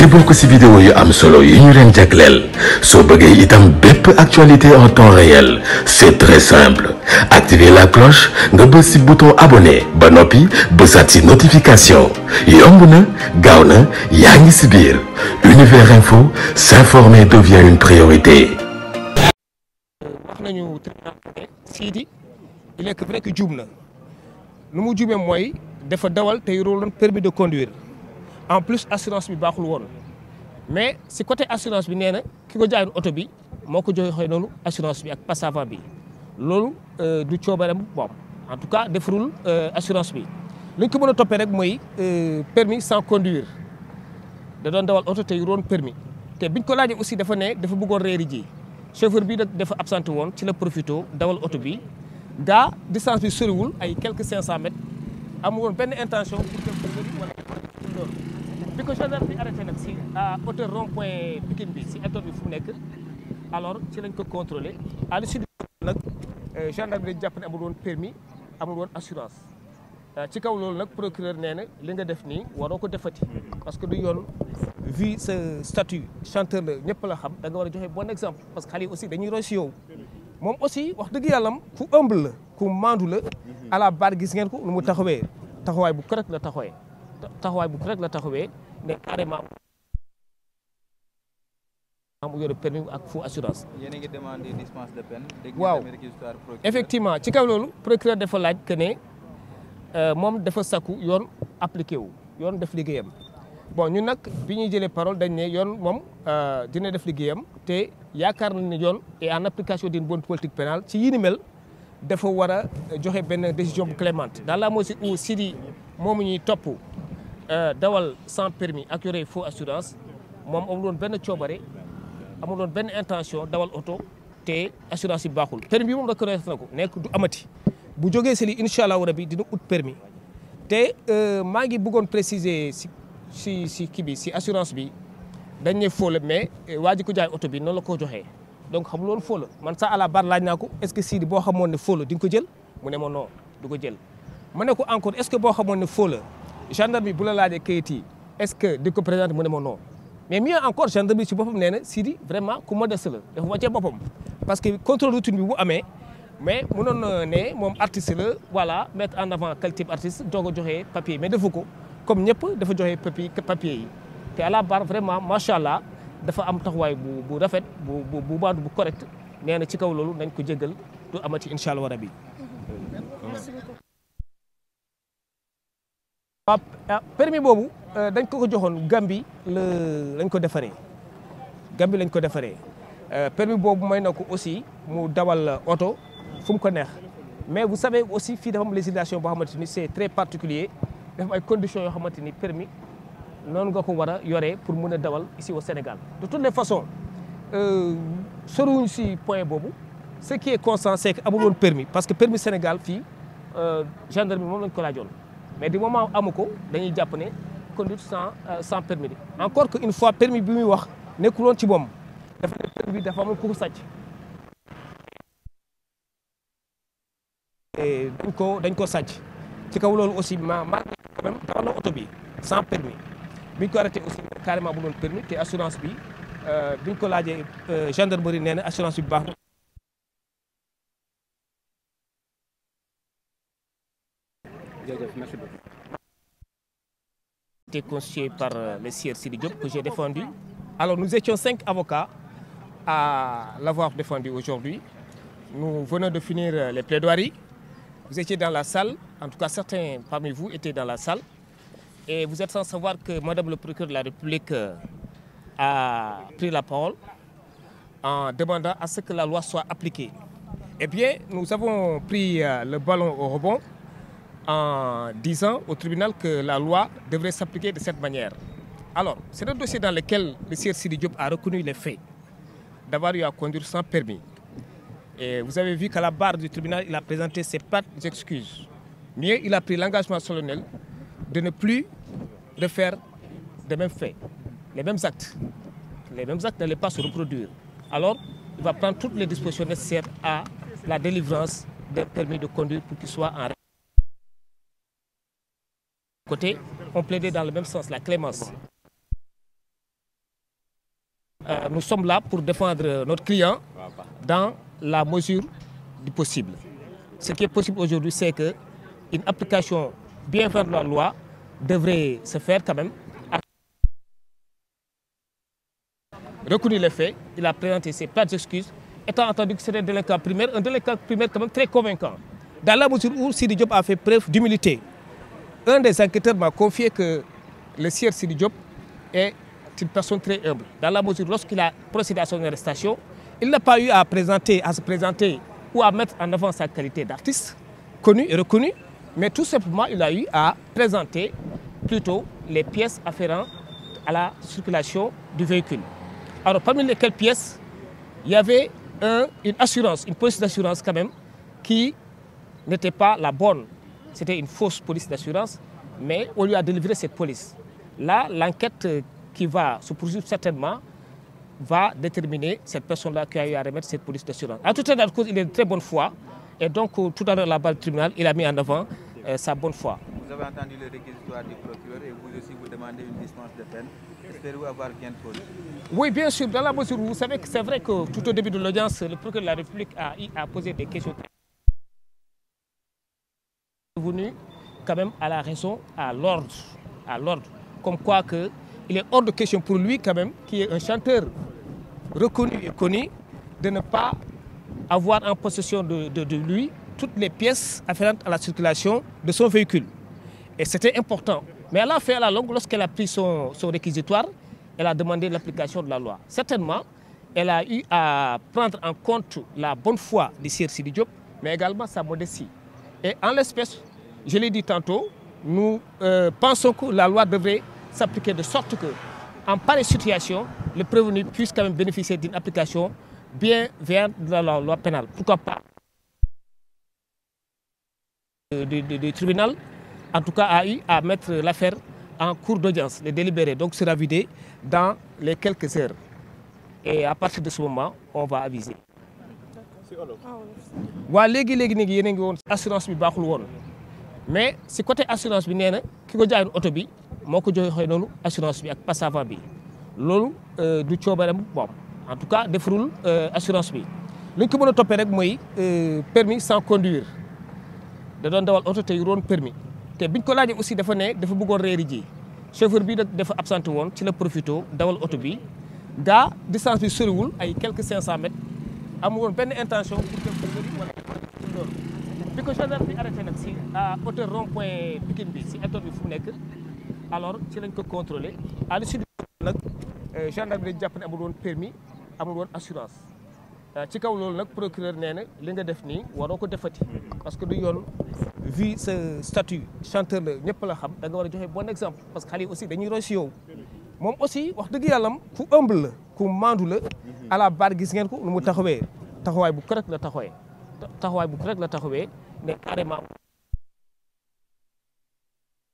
di bokk ci vidéo yu am solo yu ñu leen jagleel soo bëggee itam bépp actualité en temps réel c'est très simple activer la cloche nga bës ci bouton abonné ba noppi bësaat ci notification yomb na gaaw na yaa ngi ci biir univers info s'informer devient une priorité. wax nañu Sidi il est vrai lu mu juumee mooy dafa dawal tey loolu doon de conduire. en plus assurance bi baaxul woon mais si côté assurance bi nee na ki ko jaayoon oto bi moo ko joxee noonu assurance bi ak passe avant bi loolu euh, du coobareem bopp en tout cas defarul euh, assurance bi li ko mën a toppee rek mooy euh, permis sans conduire da doon dawal oto te bi roon ko laajee aussi dafa ne dafa buggoon réeri ji chauffeur bi nag dafa absenté woon ci la profité dawal oto bi gaa distance bi soriwul ay quelques cinq cent mètres amul woon benn intention bi ko gendarme bi arrêté nag si à hauteur rond point Pikine bi si étoile bi fu nekk alors ci lañ ko contrôlé à l'issue nag euh, gendarme bi dañ jàpp ne amul woon permis amul woon assurance euh, ci kaw loolu nag procureur nee na li nga def nii waroo ko defati parce que du yoon vi sa statut chanteur la ñëpp la xam da nga war a joxe bon exemple parce que xale yi aussi dañuy roy si moom aussi wax dëgg yàllam ku humble la ku maandu la à la gis ngeen ko nu mu taxawee taxawaay bu correct la taxawee taxawaay bu rek la taxawee mais carrément am yore permis ak fu assurance. yéen a ngi demandé dispense de peine. waaw effectivement ci kaw loolu procureur defa laaj que ne euh, moom dafa sakku yoon appliqué wu yoon def liggéeyam bon ñun nag bi ñuy jëlee parole dañ ne yoon moom euh, dina def liggéeyam te yaakaar nañ ne yoon et en application d'une bonne politique pénale ci yii ni mel dafa war a joxe benn décision bu clémente dans la mesure où Sidi moomu ñuy topp Euh, dawal sans permis ak yore faux assurance moom amul woon benn coobare amul woon benn intention dawal oto te assurance bi baaxul permis bi moom reconnaître na ko nekk du amati bu jógee si li incha allahu rabi dina ut permis te euh, maa ngi bëggoon préciser si si si kii bi si assurance bi dañ ne faux mais euh, waa ko jaay oto bi noonu la ko joxee donc xamul woon faux man sax à la barre laaj naa ko est que Sidi boo xamoon ne faux la di ko jël mu ne ma non du jël ma ne ko encore gendarme bi bu la laajee kayit yi est-ce que di ko présenté mu ne ma non mais mi encore gendarme bi si boppam nee na Sidi vraiment ku modeste la dafa wàccee boppam parce que contrôle routine bi bu amee mais mënoon na ne moom artiste la voilà mettre en avant quel type artiste doog a joxe papier mais defu ko comme ñëpp dafa joxe papier papier yi te à la barre vraiment macha allah dafa am taxawaay bu bu rafet bu bu bu baatu bu correct nee na ci kaw loolu nañ ko jégal du amati incha allah rabi. merci waaw ah, permis boobu euh, dañ ko ko joxoon Gambie la lañ ko defaree Gambie lañ ko defaree euh, permis boobu may na ko aussi mu dawal oto fu ko neex mais vous savez aussi fii dafa am législation boo xamante ni c'est très particulier dafa am ay conditions yoo xamante ni permis noonu nga ko war a yoree pour mën a dawal ici au Sénégal de toutes façon façons euh, soriwuñ si point boobu ce qui est constant c'est que woon permis parce que permis Sénégal fii gendarme moom lañ ko laajoon mais di moment amu ko dañuy jàpp ne conduite sans euh, sans permis bi encore que une fois permis bi muy wax nekkul woon ci moom dafa ne permis bi dafa amoon ku ko sàcc dañ ko dañ ko sàcc ci kaw loolu aussi ma ma quand même na oto bi sans permi bi ñu ko arrêté aussi carrément bu doon permis te assurance bi euh, bi ñu ko laajee euh, gendarmerie nee na assurance bi baax jërëjëf merci beaucoup. constitué euh, le sieur Sidi Diop que j'ai défendu. Alors nous étions cinq avocats à l'avoir défendu aujourd'hui. Nous venons de finir euh, les plaidoiries. Vous étiez dans la salle, en tout cas certains parmi vous étaient dans la salle. Et vous êtes sans savoir que Madame le procureur de la République euh, a pris la parole en demandant à ce que la loi soit appliquée. Eh bien, nous avons pris le ballon au rebond en disant au tribunal que la loi devrait s'appliquer de cette manière. Alors, c'est un dossier dans lequel le sieur Sidi Diop a reconnu les faits d'avoir eu à conduire sans permis. Et vous avez vu qu'à la barre du tribunal, il a présenté ses plates excuses. Mais il a pris l'engagement solennel de ne plus refaire les mêmes faits, les mêmes actes. Les mêmes actes n'allaient pas se reproduire. Alors, il va prendre toutes les dispositions nécessaires à la délivrance des permis de conduire pour qu'ils soient en côté, on plaidait dans le même sens, la clémence. Euh, nous sommes là pour défendre notre client dans la mesure du possible. Ce qui est possible aujourd'hui, c'est qu'une application bien faite de la loi devrait se faire quand même. Reconnu les il a présenté ses plates excuses, étant entendu que c'était un délinquant primaire, un délinquant primaire quand même très convaincant. Dans la mesure où Sidi Diop a fait preuve d'humilité, un des enquêteurs m'a confié que le sieur Sidi Diop est une personne très humble. Dans la mesure, lorsqu'il a procédé à son arrestation, il n'a pas eu à, présenter, à se présenter ou à mettre en avant sa qualité d'artiste, connu et reconnu, mais tout simplement, il a eu à présenter plutôt les pièces afférentes à la circulation du véhicule. Alors, parmi lesquelles pièces, il y avait assurance, une police d'assurance quand même, qui n'était pas la bonne C'était une fausse police d'assurance, mais on lui a délivré cette police. Là, l'enquête euh, qui va se poursuivre certainement va déterminer cette personne-là qui a eu à remettre cette police d'assurance. À tout état il est très bonne foi. Et donc, euh, tout à l'heure, là-bas, il a mis en avant euh, sa bonne foi. Oui, bien sûr, dans la mesure où vous savez que c'est vrai que tout au début de l'audience, le procureur de la République a posé des questions venu quand même à la raison, à l'ordre, à l'ordre. Comme quoi que il est hors de question pour lui quand même, qui est un chanteur reconnu et connu, de pas avoir en possession de, de, de lui toutes les pièces afférentes à la circulation de son véhicule. Et c'était important. Mais elle a fait à la longue, lorsqu'elle a pris son, son réquisitoire, elle a demandé l'application de la loi. Certainement, elle a eu à prendre en compte la bonne foi du Sir Sidi Diop, mais également sa modestie. Et en l'espèce, Je l'ai dit tantôt, nous euh, pensons que la loi devrait s'appliquer de sorte que, en pareille situation, le prévenu puisse quand même bénéficier d'une application bien vers la loi pénale. Pourquoi pas euh, du, tribunal, en tout cas a eu à mettre l'affaire en cours d'audience, le délibéré, donc sera vidé dans les quelques heures. Et à partir de ce moment, on va aviser. waa léegi léegi nag yéen a ngi woon assurance bi baaxul woon mais si côté assurance bi nee na ki ko jaayoon oto bi moo ko joxe noonu assurance bi ak passava bi loolu euh, du coobareem bopp en tout cas defarul euh, assurance bi li ñu ko mën a toppee rek mooy euh, permis sans conduire da doon dawal oto te yu roon te biñ ko laajee aussi dafa ne dafa buggoon reeri ji chauffeur bi nag dafa absenté woon ci la profito dawal oto bi gaa distance bi soriwul ay quelques cinq cent mètres amul benn intention bi ko gendarme bi arrêté nag si à hauteur rond point Pikine bi si étoile bi fu mu nekk alors ci lañ ko contrôlé à l'issue nag euh, gendarme bi dañ jàpp ne amul woon permis amul woon assurance euh, ci kaw loolu nag procureur nee na li nga def nii waroo ko defati parce que du yoon vi sa statut chanteur la ñëpp la xam danga war a joxe bon exemple parce que xale aussi dañu roy si moom aussi wax dëgg yàllam ku humble la ku maandu la à la barre gis ngeen ko lu mu taxawee taxawaay bu correct la taxawee taxawaay bu correct la taxawee ne carrément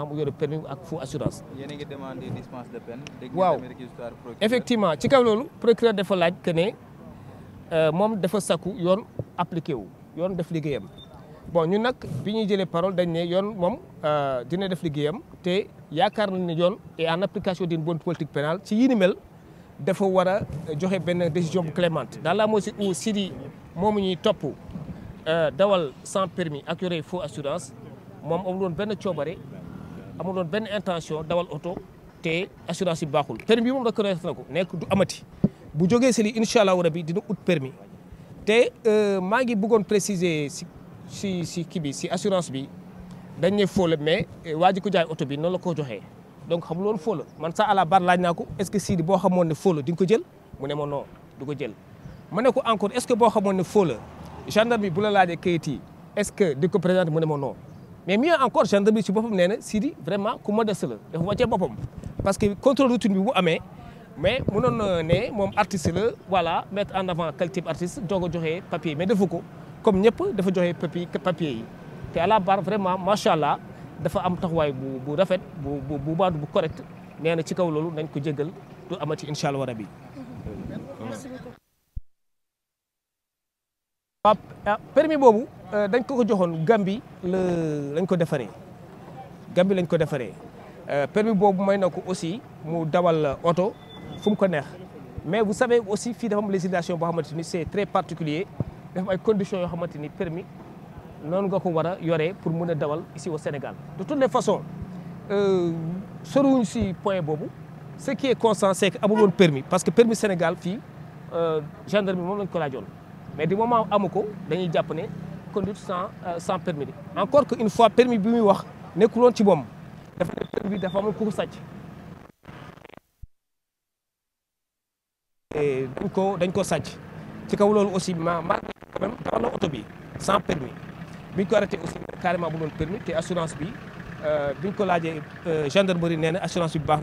am yore permis ak fu assurance. yéen a ngi demandé dispense de waaw effectivement ci kaw loolu procureur dafa laaj que ne euh, moom dafa sakku yoon appliqué wu yoon def liggéeyam bon ñun nag bi ñuy jëlee parole dañ ne yoon moom euh, dina def liggéeyam te yaakaar nañ ne yoon et en application d'une bonne politique pénale ci yii ni mel dafa war a joxe benn décision bu clémente dans la mesure où Sidi moomu ñuy topp. Euh, dawal sans permis ak yore faux assurance moom amul woon benn coobare amul woon benn intention dawal oto te assurance bi baaxul permis bi moom reconnaître na ko nekk du amati bu jógee si li incha allahu rabi dina ut permis te euh, maa ngi bëggoon préciser si si kii bi si assurance bi dañ ne fóola mais euh, waa ko jaay oto bi noonu la ko joxee donc xam woon fóola man sa à la barre laaj naa ko est que Sidi boo xamoon ne fóola di nga ko jël mu ne ma non du ko jël ma ne ko encore est ce que boo ne fóola gendarme bi bu la laajee kayit yi est-ce que di ko présenté mu ne ma non mi mieux encore gendarme bi ci boppam nee na Sidi vraiment ku modeste la dafa wàccee boppam parce que contrôle routine bi bu amee mais mënoon na ne moom artiste la voilà mettre en avant quel type artiste doog a joxe papier mais defu ko comme ñëpp dafa joxe papier papier yi te à la barre vraiment macha allah dafa am taxawaay bu bu rafet bu bu bu baatu bu correct nee na ci kaw loolu nañ ko jéggal du amati incha allah rabi. merci waaw ah, permis boobu euh, dañ ko ko joxoon Gambie la lañ ko defaree Gambie lañ ko defaree euh, permis boobu may na ko aussi mu dawal oto fu mu ko neex mais vous savez aussi fii defam am législation boo xamante ni c'est très particulier dafa ay conditions yoo xamante ni permis noonu nga ko war a yoree pour mun a dawal ici au Sénégal de toutes façon façons euh, soruwuñ si point boobu ce qui est constant c'est que woon permis parce que permis Sénégal fii gendarme moom lañ ko laajoon mais du moment amu ko dañuy jàpp ne conduite sans euh, sans permis bi encore que une fois permis bi muy wax nekkul woon ci moom dafa ne permis bi dafa amoon ku ko sàcc dañ ko dañ sàcc ci kaw loolu aussi ma ma quand même dawal na oto bi sans permis bi ñu ko aussi carrément bu doon permis te assurance bi euh, bi ko laajee euh, gendarmerie nee na assurance bi baax